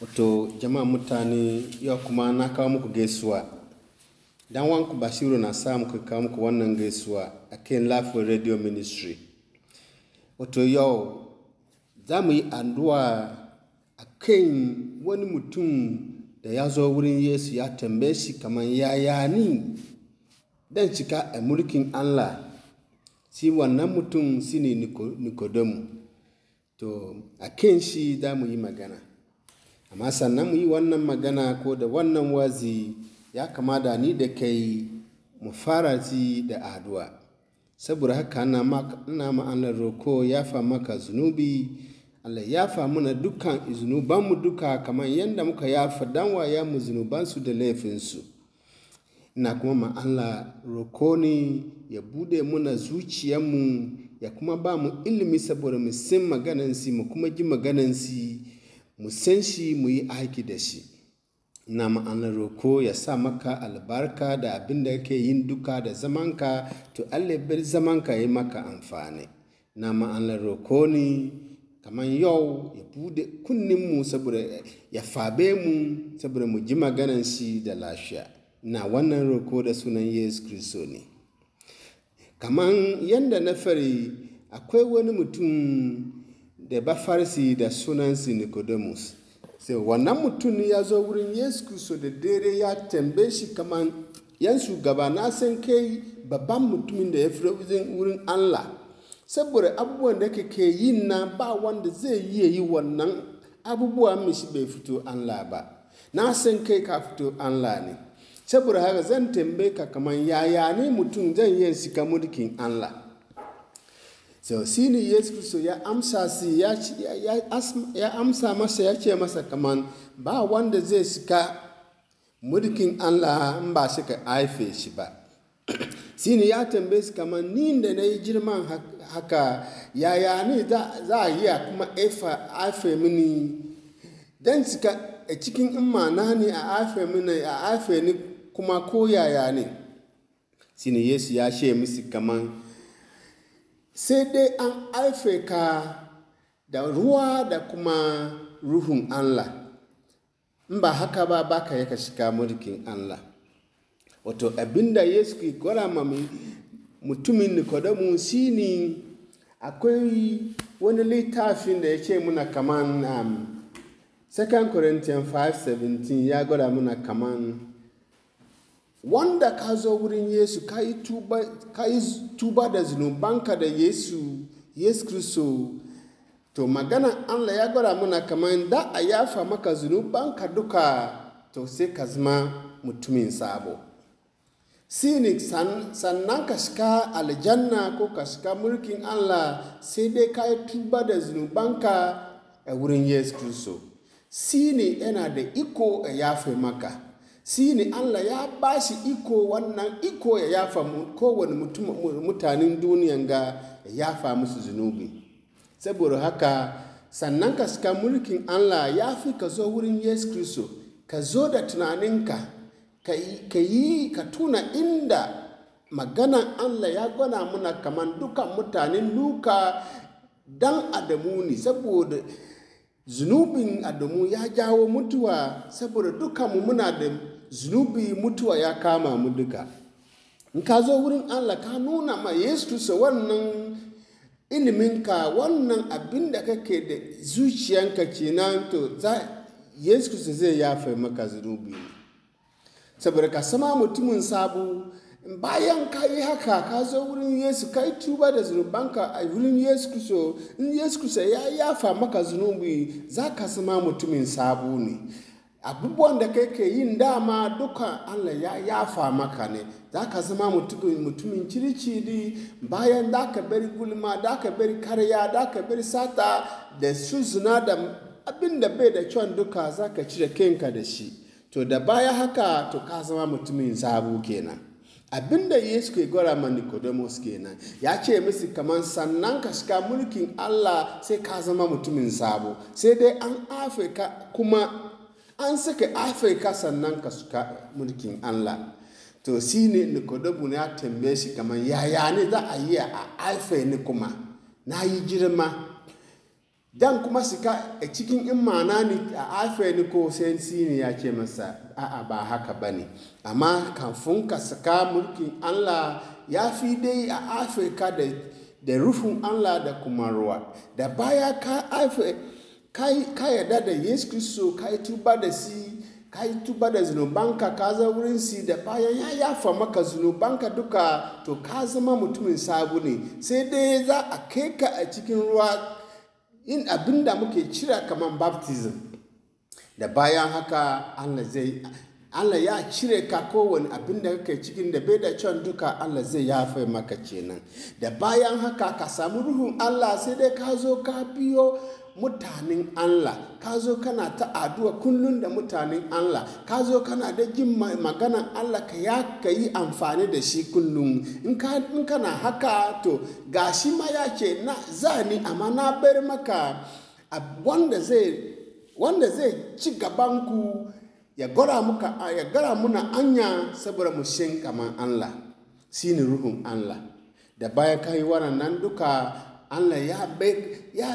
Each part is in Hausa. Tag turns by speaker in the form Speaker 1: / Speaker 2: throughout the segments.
Speaker 1: Wato jama'a mutane yau kuma na kawo muku gaisuwa. Dan wanku Bashiru na sa muka kawo muku wannan gaisuwa a kan Lafiyar Radio Ministry. Wato yau za mu yi anduwa a kan wani mutum da ya zo wurin Yesu ya tambaye shi kamar yaya ni dan cika a mulkin Allah. Shi wannan mutum ne Nicodemus. To a kan shi za mu yi magana. amma sannan mu yi wannan magana ko da wannan wazi ya kama da ni da kai mu fara ji da addu'a saboda haka ina ma'anar roko ya fa maka zunubi Allah ya fa muna dukkan mu duka kamar yadda muka fa danwa ya mu zunubansu da laifinsu ina kuma ma Allah roko ne ya bude muna zuciyarmu ya kuma ba mu ilimi saboda mu sin maganansi mu kuma ji maganansi mu san shi mu yi aiki da shi na ma'anar roko ya sa maka albarka da abin da kake yin duka da zamanka to allah bar zamanka ya maka amfani na ma'anar roko ne kamar yau ya bude kunninmu saboda ya fabe mu saboda mu ji maganan shi da lafiya na wannan roko da sunan yesu kristo ne kamar yadda na fari akwai wani mutum da bafarsi da sunansu Nicodemus. Sai wannan mutum ya zo wurin Yesu Kristo da dare ya tambe shi kaman yan shugaba na san kai babban mutumin da ya fi wurin Allah. Saboda abubuwan da kake yi na ba wanda zai yi yi wannan abubuwa mishi bai fito Allah ba. Na san kai ka fito Allah ne. Saboda haka zan tambe ka kamar yaya ne mutum zan yi sika mulkin Allah. so shi ne yesu kristo ya amsa masa ya ce masa kaman ba wanda zai shiga mulkin allah in ba shi ka haife shi ba shi ne ya tambaye su kaman ni da na yi girman haka yaya ne za a a kuma haife mini don cika a cikin na ne a haife mini a haife ni kuma ko yaya ne shi ne yesu ya ce musu kaman sai dai an ka da ruwa da kuma ruhun Allah in ba haka ba baka ya ka shiga mulkin Allah wato abinda Yesu ke gwada ma mutumin Nicodemus shine akwai wani littafin da ya ce muna kaman um, 2 Corinthians 5:17 ya gwada muna kaman wanda ka zo wurin Yesu ka yi tuba da zunubanka da Yesu Yesu Kristo to magana Allah ya gwada muna kamar da a yafa maka zunubanka duka to sai ka zama mutumin sabo sinik sannan ka shiga aljanna ko ka shiga mulkin Allah sai dai ka yi tuba da zunubanka a wurin Yesu Kristo sini yana da iko a yafe maka shi ne Allah ya ba shi iko wannan iko ya yafa kowane mutanen duniyan ga ya yafa musu zunubi saboda haka sannan ka suka mulkin Allah ya fi ka zo wurin Yesu Kristo ka zo da tunaninka ka yi ka tuna inda maganan Allah ya gwana muna kaman dukan mutanen duka dan adamu ne saboda zunubin adamu ya jawo mutuwa saboda dukanmu muna da zunubi mutuwa ya kama mu duka in ka zo wurin Allah ka nuna ma Yesu Kristo wannan iliminka wannan abin da kake da zuciyanka kenan to za Yesu zai yafe maka zunubi saboda ka sama mutumin sabu bayan ka yi haka ka zo wurin yesu ka yi tuba da zunubanka a wurin yesu kristo in yesu kristo ya yafa maka zunubi za ka sama mutumin sabu ne abubuwan da kai ke yin dama duka Allah ya yafa maka ne za ka zama mutumin ciriciri bayan da ka bari gulma da ka bari karya da ka bari sata da su zina da abin da bai da kyan duka za ka cire kanka da shi to da baya haka to ka zama mutumin sabu kenan abin da yesu ke gwara ma nicodemus kenan ya ce musu kamar sannan ka shiga mulkin allah sai ka zama mutumin sabo sai dai an afirka kuma an saka afirka sannan ka suka mulkin allah to shi ne nicodemus ya tambaye shi kamar yaya ne za a yi a alfa ne kuma na yi girma dan kuma suka a cikin in mana ne a alfa ne ko sai shi ne ya ce masa a'a ba haka ba ne amma kafin ka saka mulkin allah ya fi dai a afirka da rufin allah da kuma ruwa da baya ka alfa ka yarda da Yesu Kristo ka yi tuba da si ka tuba da zunubanka ka za wurin si da bayan ya fama ka zunubanka duka to ka zama mutumin sabu ne sai dai za a kai ka a cikin ruwa in abin da muke cira kamar baptism da bayan haka Allah zai ya cire ka kowane abin da kake cikin da bai da can duka Allah zai yafe maka kenan da bayan haka ka samu ruhun Allah sai dai ka zo ka biyo mutanen Allah ka zo kana ta addu'a kullum da mutanen Allah ka zo kana da jin maganan Allah ka ya ka yi amfani da shi kullum in ka in haka to gashi ma ya ce na zani amma na bar maka wanda zai wanda zai ci gaban ku ya gara muka ya muna anya saboda mu shin kaman Allah shine ruhun Allah da baya kai wannan duka Allah ya ya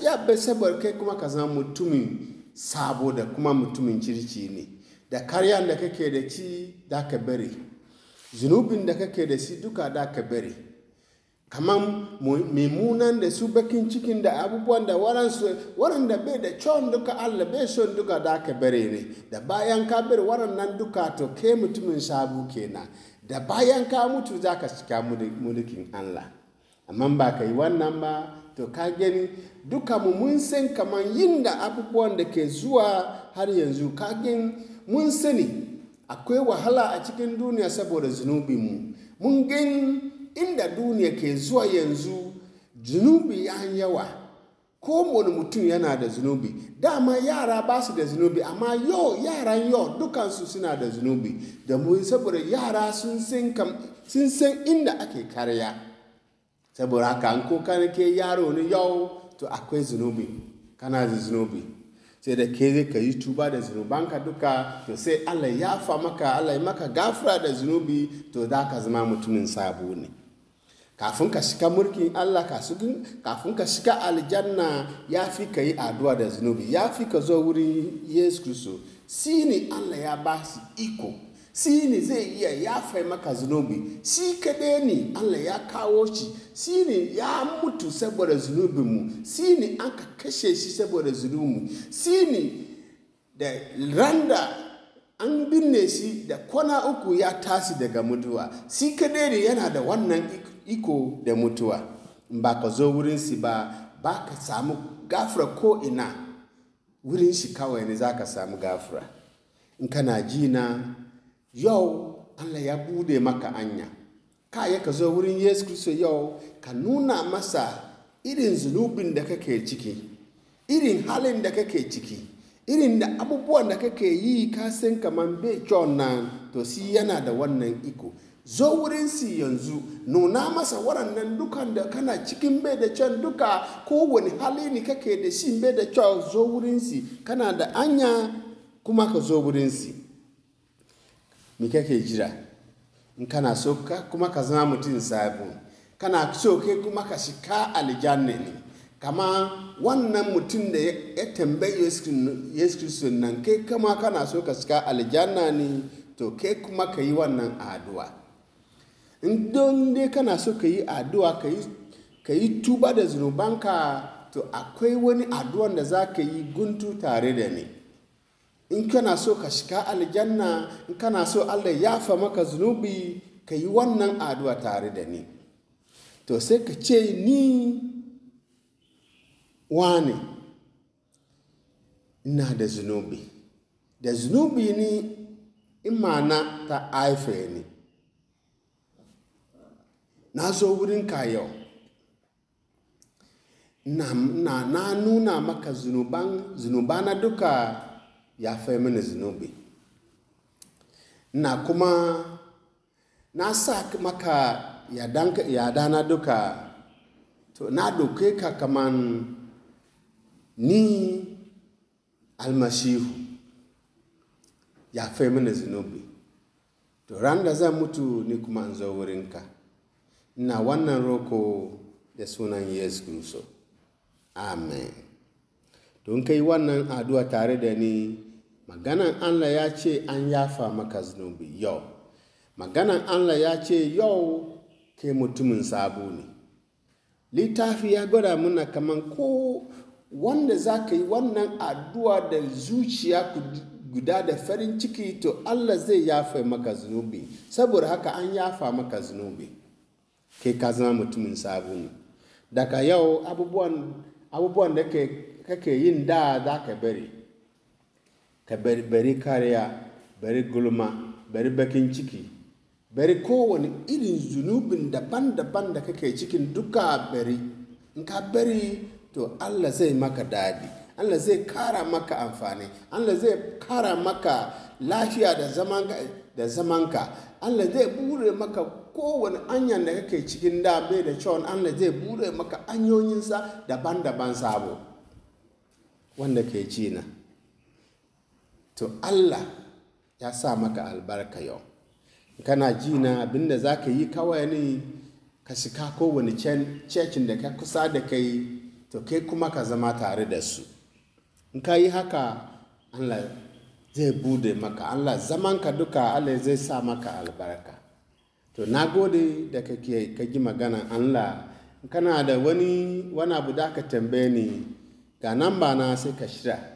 Speaker 1: ya bese kai kuma ka zama mutumin sabo da kuma mutumin kirki ne da karyan da kake da ci da ka bari zunubin da kake da shi duka da ka bari kamar mimunan da su bakin cikin da abubuwan da waransu da bai da cewa duka allah bai son duka da ka bari ne da bayan ka bari nan duka to ke mutumin sabu kenan da bayan ka mutu za ka cika mulkin allah amma ba ka yi wannan ba to ka gani duka mu mun san kamar yin da abubuwan da ke zuwa har yanzu ka gani mun sani akwai wahala a cikin duniya saboda zunubinmu mun gani inda duniya ke zuwa yanzu zunubi ya yawa ko wani mutum yana da zunubi dama yara ba su da zunubi amma yau yaran yau dukansu suna da zunubi da mu saboda yara sun san inda ake karya saboda haka an ko kana ke yaro ne yau to akwai zunubi kana da zunubi sai da ke zai ka yi tuba da zunubanka duka to sai Allah ya fa maka Allah ya maka gafura da zunubi to za ka zama mutumin sabo ne kafin ka shiga mulkin Allah kafin ka shiga aljanna ya fi ka yi addu'a da zunubi ya fi ka zo wurin Yesu Kristo shi ne Allah ya ba su iko shi ne zai iya ya fai maka zunubi shi kaɗai ne allah ya kawo shi shi ne ya mutu saboda zunubinmu shi ne an kashe shi saboda zunubinmu shi ne da randa an binne shi da kwana uku ya tasi daga mutuwa shi kaɗe ne yana da wannan iko da mutuwa ba ka zo wurin shi ba ba ka samu gafura ko ina wurin shi kawai ne za ka samu gafura in kana jina yau Allah ya bude maka anya ka kaya ka zo wurin Yesu Kristo yau ka nuna masa irin zunubin da kake ciki irin halin da kake ciki irin da abubuwan da kake yi ka san kaman bai kyau nan to si yana da wannan iko zo wurin si yanzu nuna masa waɗannan dukan da kana cikin bai da can duka wani hali ne kake da shi bai da kyau zo wurin si kana da anya kuma ka zo wurin si me kake jira in kana so ka kuma ka zama mutum sabo kana so ke kuma ka shika aljanna ne kama wannan mutum da ya tambayi yesu kristo nan ke kama kana so ka shika aljanna ne to ke kuma ka yi wannan addu'a in don dai kana so ka yi addu'a ka yi tuba da zunubanka to akwai wani addu'a da za ka yi guntu tare da ni in kana so ka shiga aljanna in kana so Allah ya fa maka zunubi ka yi wannan addu'a tare da ni to sai ka ce ni wane ina da zunubi da zunubi ni imana ta haife ni na zo yau na, na, na nuna maka zunubana duka Ya yafe mini zinubi na kuma na sa maka na duka to na doke ka kaman ni ya yafe mini zinubi to ran da zan mutu ni kuma an zo wurinka ina wannan roko da sunan yesu kristo amen don kai wannan addu'a tare da ni Maganan Allah ya ce an yafa maka zunubi yau. Maganan Allah ya ce yau ke mutumin sabo ne. Littafi ya gwada muna kaman ko wanda za ka yi wannan addu'a da zuciya guda da farin ciki to Allah zai yafa maka zunubi. Saboda haka an yafa maka zunubi. ke ka zama mutumin sabo ne. Daga yau abubuwan, abubuwan da kake yin da za ka bari. ka bari bari kariya bari gulma bari bakin ciki bari kowane irin zunubin daban-daban da kake cikin duka bari in ka bari to allah zai maka daɗi allah zai kara maka amfani allah zai kara maka lafiya da zamanka da zamanka allah zai bure maka kowane anyan da kake cikin da da cewa allah zai bure maka anyoyinsa daban-daban sabo wanda ke ci na to Allah ya sa maka albarka yau kana ji na abinda za ka yi kawai ne ka shiga kowane cecin da ka kusa da kai to kai kuma ka zama tare da su in ka yi haka Allah zai bude maka Allah zamanka duka Allah zai sa maka albarka to na gode da ke ka ji maganan Allah kana da wani wani abu da ka tambaye ni ga nan ba na sai ka shira